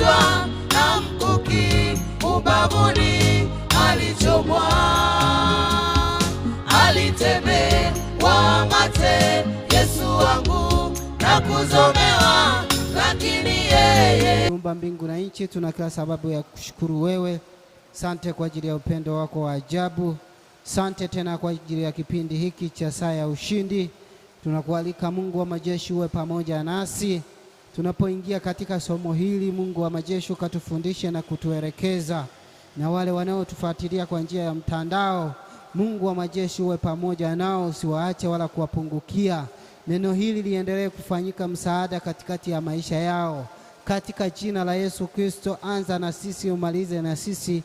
Kichwa na mkuki ubavuni, alichomwa, alitemewa mate, Yesu wangu na kuzomewa, lakini yeye. Umba mbingu na nchi, tuna kila sababu ya kushukuru wewe. Sante kwa ajili ya upendo wako wa ajabu. Sante tena kwa ajili ya kipindi hiki cha saa ya ushindi. Tunakualika Mungu wa majeshi, uwe pamoja nasi. Tunapoingia katika somo hili, Mungu wa majeshi katufundishe na kutuelekeza, na wale wanaotufuatilia kwa njia ya mtandao, Mungu wa majeshi uwe pamoja nao, usiwaache wala kuwapungukia. Neno hili liendelee kufanyika msaada katikati ya maisha yao, katika jina la Yesu Kristo. Anza na sisi, umalize na sisi,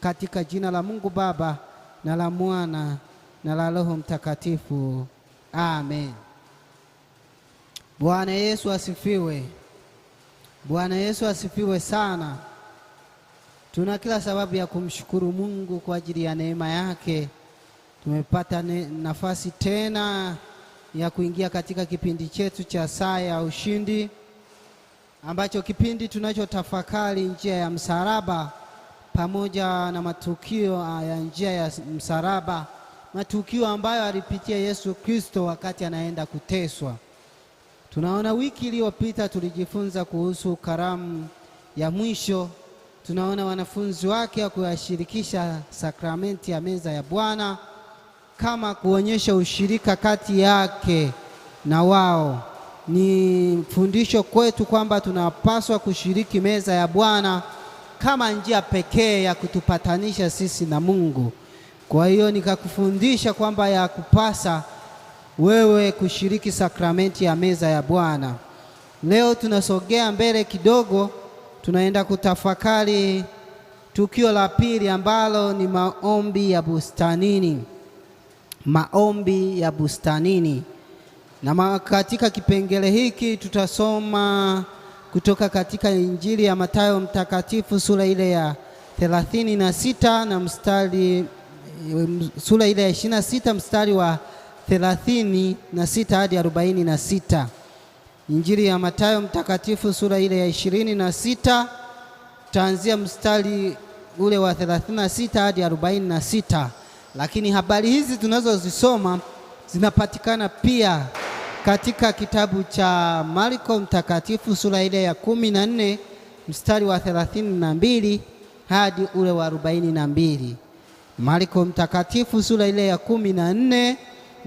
katika jina la Mungu Baba na la Mwana na la Roho Mtakatifu, amen. Bwana Yesu asifiwe. Bwana Yesu asifiwe sana. Tuna kila sababu ya kumshukuru Mungu kwa ajili ya neema yake. Tumepata ne, nafasi tena ya kuingia katika kipindi chetu cha saa ya ushindi ambacho kipindi tunachotafakari njia ya msalaba pamoja na matukio ya njia ya msalaba, matukio ambayo alipitia Yesu Kristo wakati anaenda kuteswa. Tunaona wiki iliyopita tulijifunza kuhusu karamu ya mwisho. Tunaona wanafunzi wake wa kuyashirikisha sakramenti ya meza ya Bwana kama kuonyesha ushirika kati yake na wao. Ni fundisho kwetu kwamba tunapaswa kushiriki meza ya Bwana kama njia pekee ya kutupatanisha sisi na Mungu. Kwa hiyo nikakufundisha kwamba ya kupasa wewe kushiriki sakramenti ya meza ya Bwana. Leo tunasogea mbele kidogo, tunaenda kutafakari tukio la pili ambalo ni maombi ya bustanini, maombi ya bustanini. Na katika kipengele hiki tutasoma kutoka katika Injili ya Mathayo mtakatifu sura ile ya 36 na mstari sura ile ya 26 mstari wa thelathini na sita hadi arobaini na sita. Injili ya Mathayo mtakatifu sura ile ya ishirini na sita taanzia mstari ule wa 36 hadi 46, lakini habari hizi tunazozisoma zinapatikana pia katika kitabu cha Marko mtakatifu sura ile ya kumi na nne mstari wa 32 hadi ule wa 42. Marko mtakatifu sura ile ya kumi na nne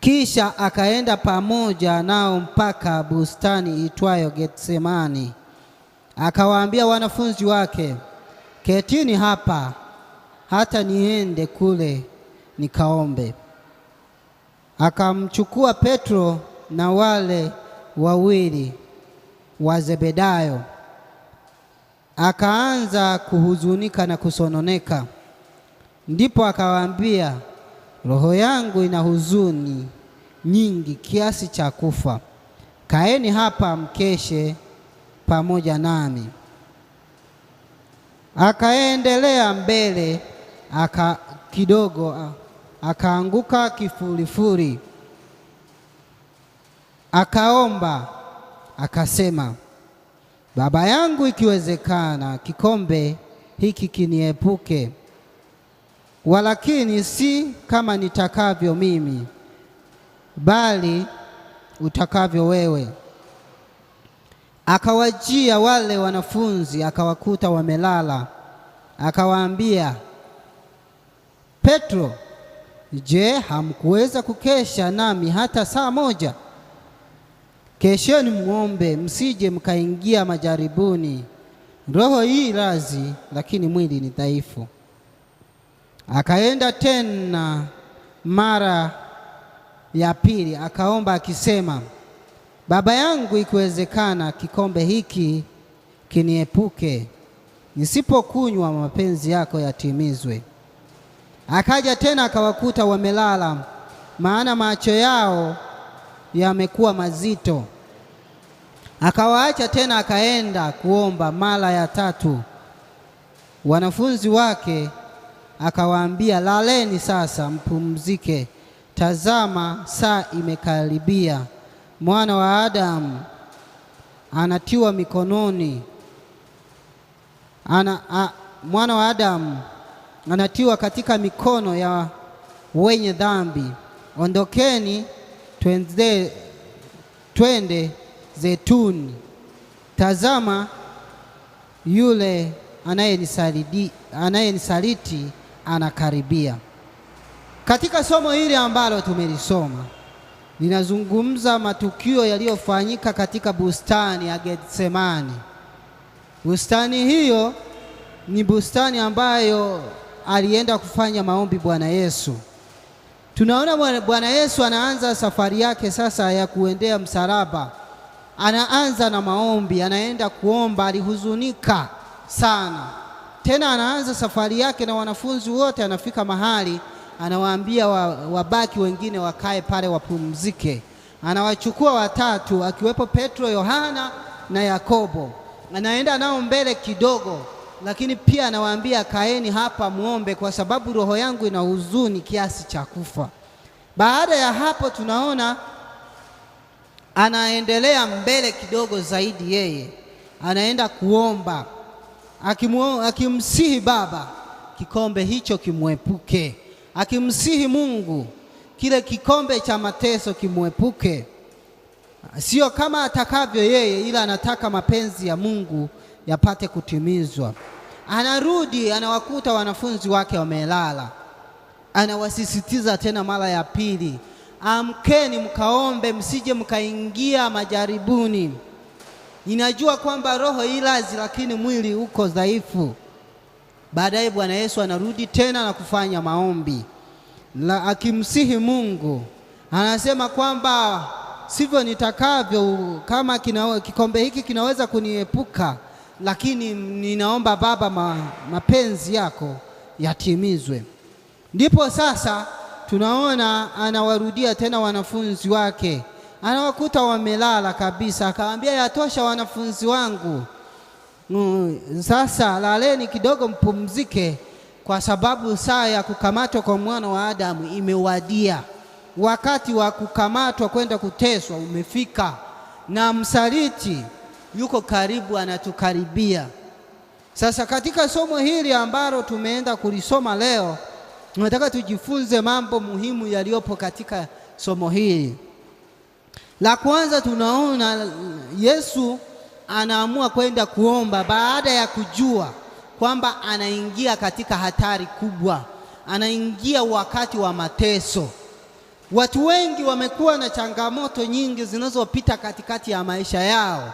Kisha akaenda pamoja nao mpaka bustani itwayo Getsemani, akawaambia wanafunzi wake, ketini hapa hata niende kule nikaombe. Akamchukua Petro na wale wawili wa Zebedayo, akaanza kuhuzunika na kusononeka. Ndipo akawaambia roho yangu ina huzuni nyingi kiasi cha kufa, kaeni hapa mkeshe pamoja nami. Akaendelea mbele aka kidogo, akaanguka kifurifuri, akaomba akasema, Baba yangu, ikiwezekana kikombe hiki kiniepuke walakini si kama nitakavyo mimi, bali utakavyo wewe. Akawajia wale wanafunzi akawakuta wamelala, akawaambia, Petro, je, hamkuweza kukesha nami hata saa moja? Kesheni muombe, msije mkaingia majaribuni. Roho hii razi, lakini mwili ni dhaifu. Akaenda tena mara ya pili akaomba akisema, Baba yangu, ikiwezekana kikombe hiki kiniepuke, nisipokunywa mapenzi yako yatimizwe. Akaja tena akawakuta wamelala, maana macho yao yamekuwa mazito. Akawaacha tena akaenda kuomba mara ya tatu. Wanafunzi wake akawaambia, laleni sasa mpumzike, tazama saa imekaribia, mwana wa Adamu anatiwa mikononi ana, a, mwana wa Adamu anatiwa katika mikono ya wenye dhambi. Ondokeni twende, twende Zetuni. Tazama yule anayenisaliti anakaribia. Katika somo hili ambalo tumelisoma, ninazungumza matukio yaliyofanyika katika bustani ya Getsemani. Bustani hiyo ni bustani ambayo alienda kufanya maombi Bwana Yesu. Tunaona Bwana Yesu anaanza safari yake sasa ya kuendea msalaba. Anaanza na maombi, anaenda kuomba, alihuzunika sana. Tena anaanza safari yake na wanafunzi wote, anafika mahali anawaambia wabaki wa wengine wakae pale wapumzike. Anawachukua watatu akiwepo Petro, Yohana na Yakobo, anaenda nao mbele kidogo, lakini pia anawaambia kaeni hapa muombe, kwa sababu roho yangu ina huzuni kiasi cha kufa. Baada ya hapo tunaona anaendelea mbele kidogo zaidi, yeye anaenda kuomba akimsihi baba, kikombe hicho kimwepuke. Akimsihi Mungu, kile kikombe cha mateso kimwepuke. Sio kama atakavyo yeye, ila anataka mapenzi ya Mungu yapate kutimizwa. Anarudi anawakuta wanafunzi wake wamelala, anawasisitiza tena mara ya pili, amkeni mkaombe, msije mkaingia majaribuni. Ninajua kwamba roho ilazi, lakini mwili uko dhaifu. Baadaye Bwana Yesu anarudi tena na kufanya maombi la akimsihi Mungu, anasema kwamba sivyo nitakavyo, kama kina, kikombe hiki kinaweza kuniepuka, lakini ninaomba Baba ma, mapenzi yako yatimizwe. Ndipo sasa tunaona anawarudia tena wanafunzi wake anawakuta wamelala kabisa, akawaambia yatosha, wanafunzi wangu, sasa laleni kidogo, mpumzike, kwa sababu saa ya kukamatwa kwa mwana wa Adamu imewadia. Wakati wa kukamatwa kwenda kuteswa umefika, na msaliti yuko karibu, anatukaribia. Sasa katika somo hili ambalo tumeenda kulisoma leo, nataka tujifunze mambo muhimu yaliyopo katika somo hili. La kwanza tunaona Yesu anaamua kwenda kuomba baada ya kujua kwamba anaingia katika hatari kubwa, anaingia wakati wa mateso. Watu wengi wamekuwa na changamoto nyingi zinazopita katikati ya maisha yao.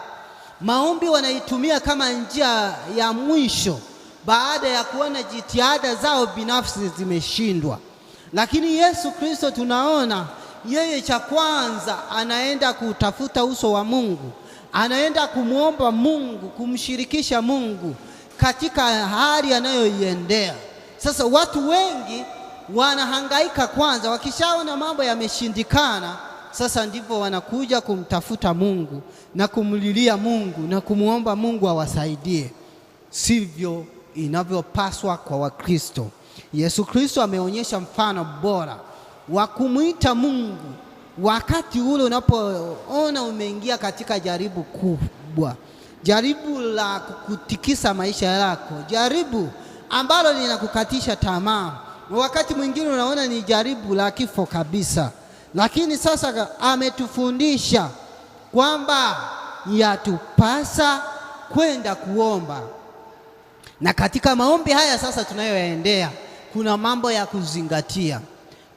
Maombi wanaitumia kama njia ya mwisho baada ya kuona jitihada zao binafsi zimeshindwa, lakini Yesu Kristo tunaona yeye cha kwanza anaenda kutafuta uso wa Mungu, anaenda kumwomba Mungu, kumshirikisha Mungu katika hali anayoiendea. Sasa watu wengi wanahangaika kwanza, wakishaona mambo yameshindikana, sasa ndipo wanakuja kumtafuta Mungu na kumlilia Mungu na kumwomba Mungu awasaidie. Sivyo inavyopaswa kwa Wakristo. Yesu Kristo ameonyesha mfano bora wa kumwita Mungu wakati ule unapoona umeingia katika jaribu kubwa, jaribu la kukutikisa maisha yako, jaribu ambalo linakukatisha tamaa. Wakati mwingine unaona ni jaribu la kifo kabisa, lakini sasa ametufundisha kwamba yatupasa kwenda kuomba, na katika maombi haya sasa tunayoyaendea kuna mambo ya kuzingatia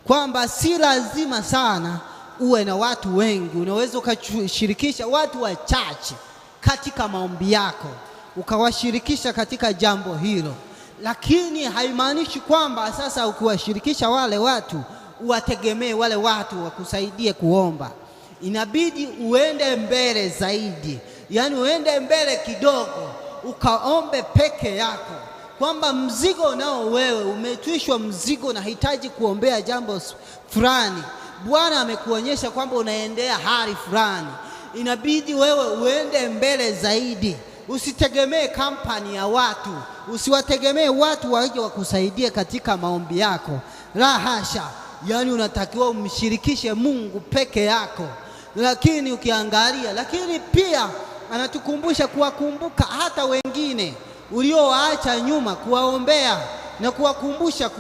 kwamba si lazima sana uwe na watu wengi. Unaweza ukashirikisha watu wachache katika maombi yako, ukawashirikisha katika jambo hilo, lakini haimaanishi kwamba sasa ukiwashirikisha wale watu uwategemee wale watu wakusaidie kuomba. Inabidi uende mbele zaidi, yaani uende mbele kidogo, ukaombe peke yako kwamba mzigo nao wewe umetwishwa mzigo, nahitaji kuombea jambo fulani. Bwana amekuonyesha kwamba unaendea hali fulani, inabidi wewe uende mbele zaidi. Usitegemee kampani ya watu, usiwategemee watu waje wakusaidie katika maombi yako, la hasha. Yaani unatakiwa umshirikishe Mungu peke yako. Lakini ukiangalia, lakini pia anatukumbusha kuwakumbuka hata wengine uliowaacha nyuma, kuwaombea na kuwakumbusha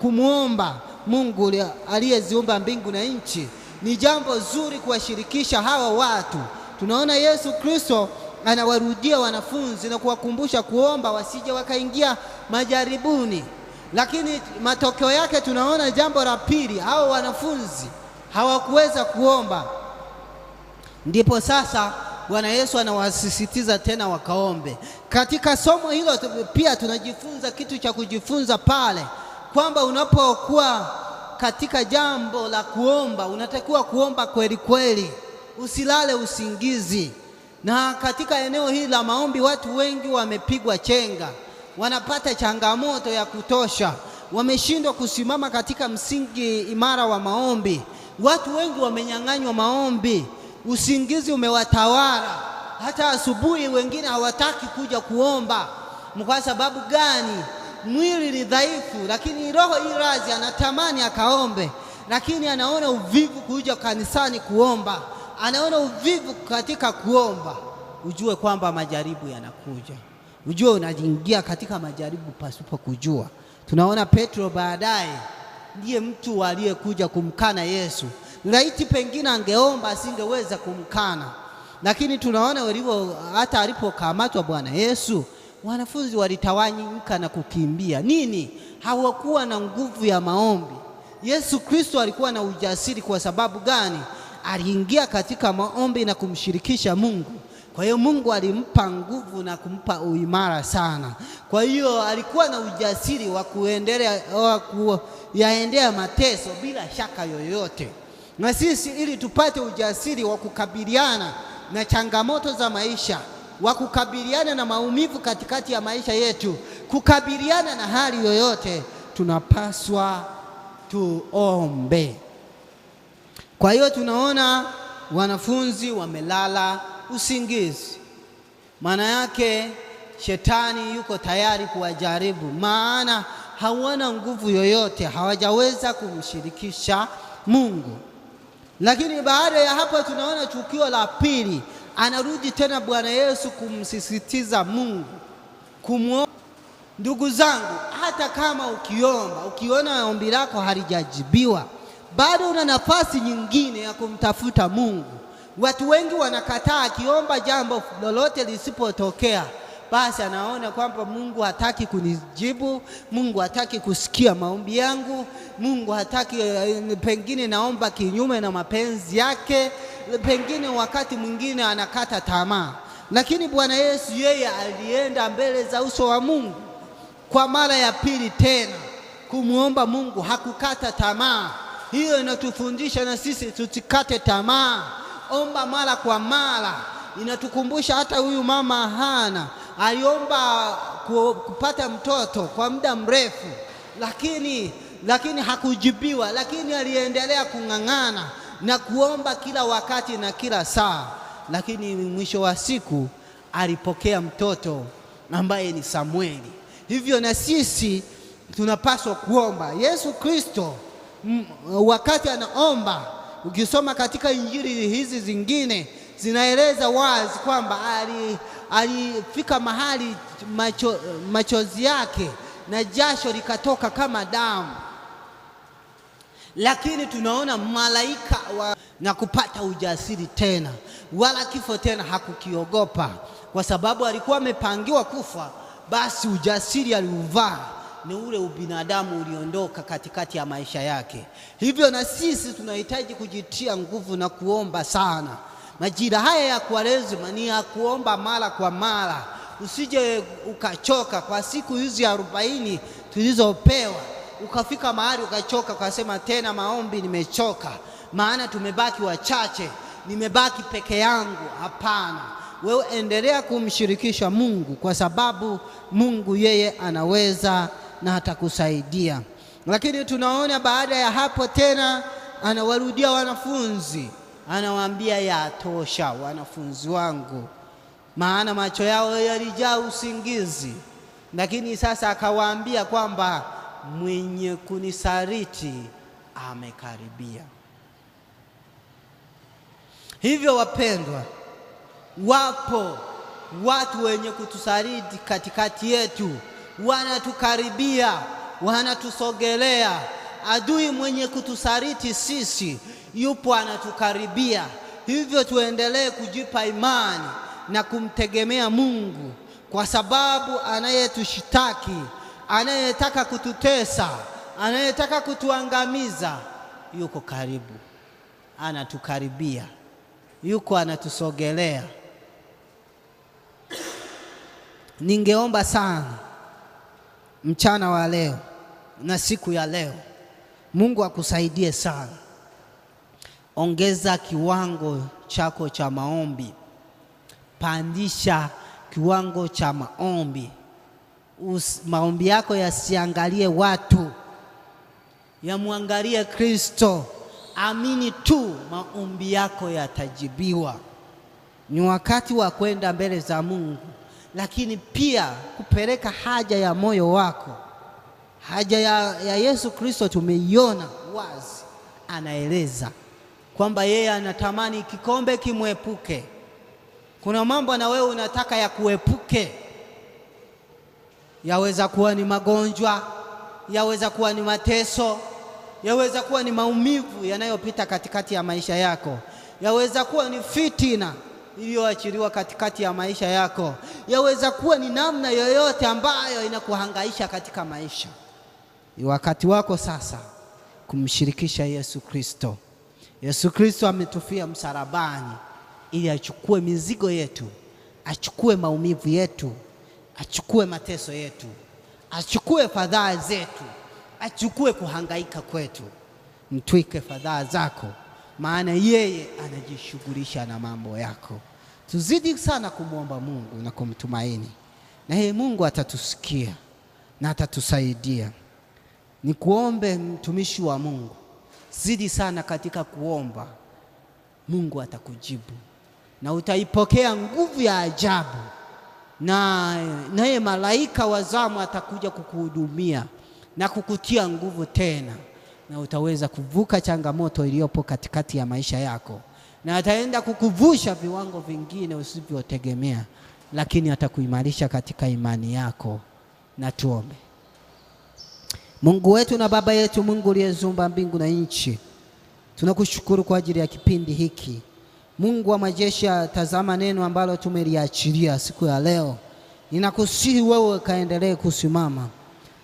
kumwomba Mungu aliyeziumba mbingu na nchi. Ni jambo zuri kuwashirikisha hawa watu. Tunaona Yesu Kristo anawarudia wanafunzi na kuwakumbusha kuomba wasije wakaingia majaribuni. Lakini matokeo yake tunaona jambo la pili, hao wanafunzi hawakuweza kuomba. Ndipo sasa Bwana Yesu anawasisitiza tena wakaombe. Katika somo hilo pia tunajifunza kitu cha kujifunza pale kwamba unapokuwa katika jambo la kuomba unatakiwa kuomba kweli kweli, usilale usingizi. Na katika eneo hili la maombi watu wengi wamepigwa chenga, wanapata changamoto ya kutosha, wameshindwa kusimama katika msingi imara wa maombi. Watu wengi wamenyang'anywa maombi usingizi umewatawala, hata asubuhi wengine hawataki kuja kuomba. Kwa sababu gani? Mwili ni dhaifu, lakini roho hii razi, anatamani akaombe, lakini anaona uvivu kuja kanisani kuomba, anaona uvivu katika kuomba. Ujue kwamba majaribu yanakuja, ujue unaingia katika majaribu pasipo kujua. Tunaona Petro baadaye ndiye mtu aliyekuja kumkana Yesu. Laiti pengine angeomba asingeweza kumkana, lakini tunaona walivyo. Hata alipokamatwa Bwana Yesu, wanafunzi walitawanyika na kukimbia. Nini? Hawakuwa na nguvu ya maombi. Yesu Kristo alikuwa na ujasiri. Kwa sababu gani? Aliingia katika maombi na kumshirikisha Mungu. Kwa hiyo Mungu alimpa nguvu na kumpa uimara sana. Kwa hiyo alikuwa na ujasiri wa kuendelea wa kuyaendea mateso bila shaka yoyote. Na sisi ili tupate ujasiri wa kukabiliana na changamoto za maisha, wa kukabiliana na maumivu katikati ya maisha yetu, kukabiliana na hali yoyote, tunapaswa tuombe. Kwa hiyo tunaona wanafunzi wamelala usingizi. Maana yake shetani yuko tayari kuwajaribu, maana hawana nguvu yoyote, hawajaweza kumshirikisha Mungu. Lakini baada ya hapo tunaona chukio la pili, anarudi tena Bwana Yesu kumsisitiza Mungu kumwomba. Ndugu zangu, hata kama ukiomba ukiona ombi lako halijajibiwa, bado una nafasi nyingine ya kumtafuta Mungu. Watu wengi wanakataa akiomba jambo lolote lisipotokea basi anaona kwamba Mungu hataki kunijibu, Mungu hataki kusikia maombi yangu, Mungu hataki, eh, pengine naomba kinyume na mapenzi yake, pengine wakati mwingine anakata tamaa. Lakini Bwana Yesu yeye alienda mbele za uso wa Mungu kwa mara ya pili tena kumwomba Mungu, hakukata tamaa. Hiyo inatufundisha na sisi tusikate tamaa, omba mara kwa mara. Inatukumbusha hata huyu mama Hana aliomba kupata mtoto kwa muda mrefu, lakini lakini hakujibiwa, lakini aliendelea kung'ang'ana na kuomba kila wakati na kila saa, lakini mwisho wa siku alipokea mtoto ambaye ni samweli Hivyo na sisi tunapaswa kuomba. Yesu Kristo mm, wakati anaomba, ukisoma katika injili hizi zingine zinaeleza wazi kwamba alifika mahali macho, machozi yake na jasho likatoka kama damu, lakini tunaona malaika wa, na kupata ujasiri tena, wala kifo tena hakukiogopa kwa sababu alikuwa amepangiwa kufa. Basi ujasiri aliuvaa, ni ule ubinadamu uliondoka katikati ya maisha yake. Hivyo na sisi tunahitaji kujitia nguvu na kuomba sana. Majira haya ya Kwaresima ni ya kuomba mara kwa mara, usije ukachoka kwa siku hizi arobaini tulizopewa, ukafika mahali ukachoka, ukasema tena maombi nimechoka, maana tumebaki wachache, nimebaki peke yangu. Hapana, wewe endelea kumshirikisha Mungu kwa sababu Mungu yeye anaweza na atakusaidia. Lakini tunaona baada ya hapo tena anawarudia wanafunzi anawaambia yatosha, wanafunzi wangu, maana macho yao yalijaa usingizi. Lakini sasa akawaambia kwamba mwenye kunisaliti amekaribia. Hivyo wapendwa, wapo watu wenye kutusaliti katikati yetu, wanatukaribia, wanatusogelea adui mwenye kutusaliti sisi yupo anatukaribia. Hivyo tuendelee kujipa imani na kumtegemea Mungu, kwa sababu anayetushitaki, anayetaka kututesa, anayetaka kutuangamiza yuko karibu, anatukaribia, yuko anatusogelea. Ningeomba sana mchana wa leo na siku ya leo Mungu akusaidie sana. Ongeza kiwango chako cha maombi, pandisha kiwango cha maombi. Us, maombi yako yasiangalie watu, yamwangalie Kristo. Amini tu, maombi yako yatajibiwa. Ni wakati wa kwenda mbele za Mungu, lakini pia kupeleka haja ya moyo wako Haja ya, ya Yesu Kristo tumeiona wazi, anaeleza kwamba yeye anatamani kikombe kimwepuke. Kuna mambo na wewe unataka ya kuepuke, yaweza kuwa ni magonjwa, yaweza kuwa ni mateso, yaweza kuwa ni maumivu yanayopita katikati ya maisha yako, yaweza kuwa ni fitina iliyoachiliwa katikati ya maisha yako, yaweza kuwa ni namna yoyote ambayo inakuhangaisha katika maisha. Ni wakati wako sasa kumshirikisha Yesu Kristo. Yesu Kristo ametufia msalabani ili achukue mizigo yetu, achukue maumivu yetu, achukue mateso yetu, achukue fadhaa zetu, achukue kuhangaika kwetu. Mtwike fadhaa zako, maana yeye anajishughulisha na mambo yako. Tuzidi sana kumwomba Mungu na kumtumaini, na yeye Mungu atatusikia na atatusaidia. Nikuombe mtumishi wa Mungu, zidi sana katika kuomba. Mungu atakujibu na utaipokea nguvu ya ajabu, na naye malaika wa zamu atakuja kukuhudumia na kukutia nguvu tena, na utaweza kuvuka changamoto iliyopo katikati ya maisha yako, na ataenda kukuvusha viwango vingine usivyotegemea, lakini atakuimarisha katika imani yako. Na tuombe. Mungu wetu na Baba yetu, Mungu uliyezumba mbingu na nchi, tunakushukuru kwa ajili ya kipindi hiki. Mungu wa majeshi, tazama neno ambalo tumeliachilia siku ya leo. Ninakusihi wewe kaendelee kusimama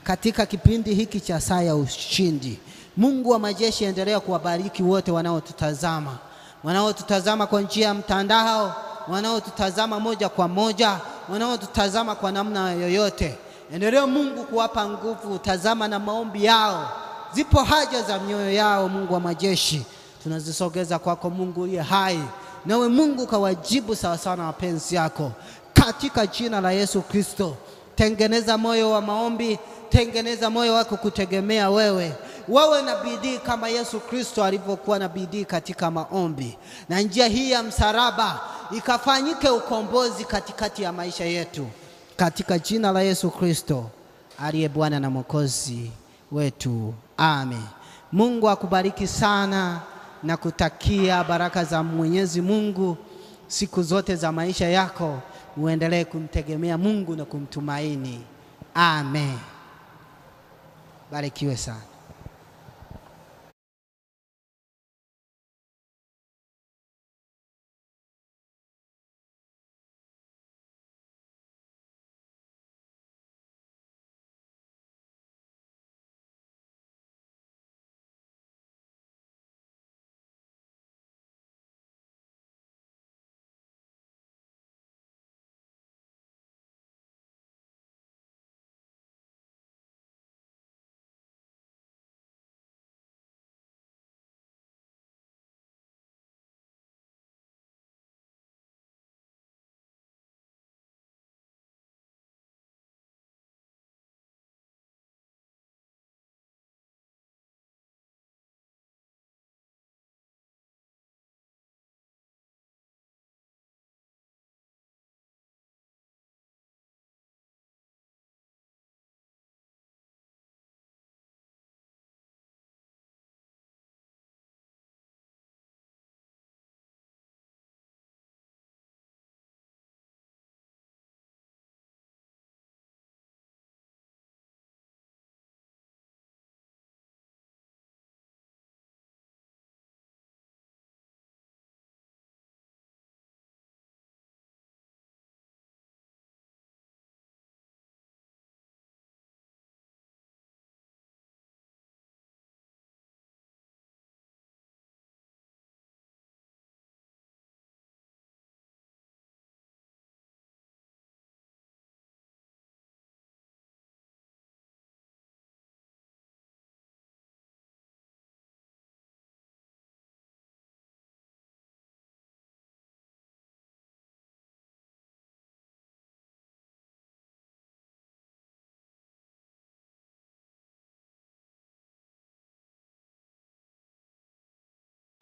katika kipindi hiki cha saa ya ushindi. Mungu wa majeshi, endelea kuwabariki wote wanaotutazama, wanaotutazama kwa njia ya mtandao, wanaotutazama moja kwa moja, wanaotutazama kwa namna yoyote. Endelea Mungu kuwapa nguvu, tazama na maombi yao. Zipo haja za mioyo yao, Mungu wa majeshi, tunazisogeza kwako Mungu uliye hai, nawe Mungu kawajibu sawasawa na mapenzi yako, katika jina la Yesu Kristo. Tengeneza moyo wa maombi, tengeneza moyo wako kutegemea wewe wawe na bidii kama Yesu Kristo alivyokuwa na bidii katika maombi, na njia hii ya msalaba ikafanyike ukombozi katikati ya maisha yetu katika jina la Yesu Kristo aliye Bwana na Mwokozi wetu, amen. Mungu akubariki sana na kutakia baraka za Mwenyezi Mungu siku zote za maisha yako, uendelee kumtegemea Mungu na kumtumaini. Amen. Barikiwe sana.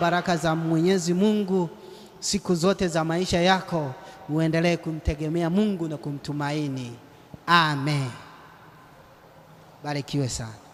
baraka za Mwenyezi Mungu siku zote za maisha yako, uendelee kumtegemea Mungu na kumtumaini. Amen. Barikiwe sana.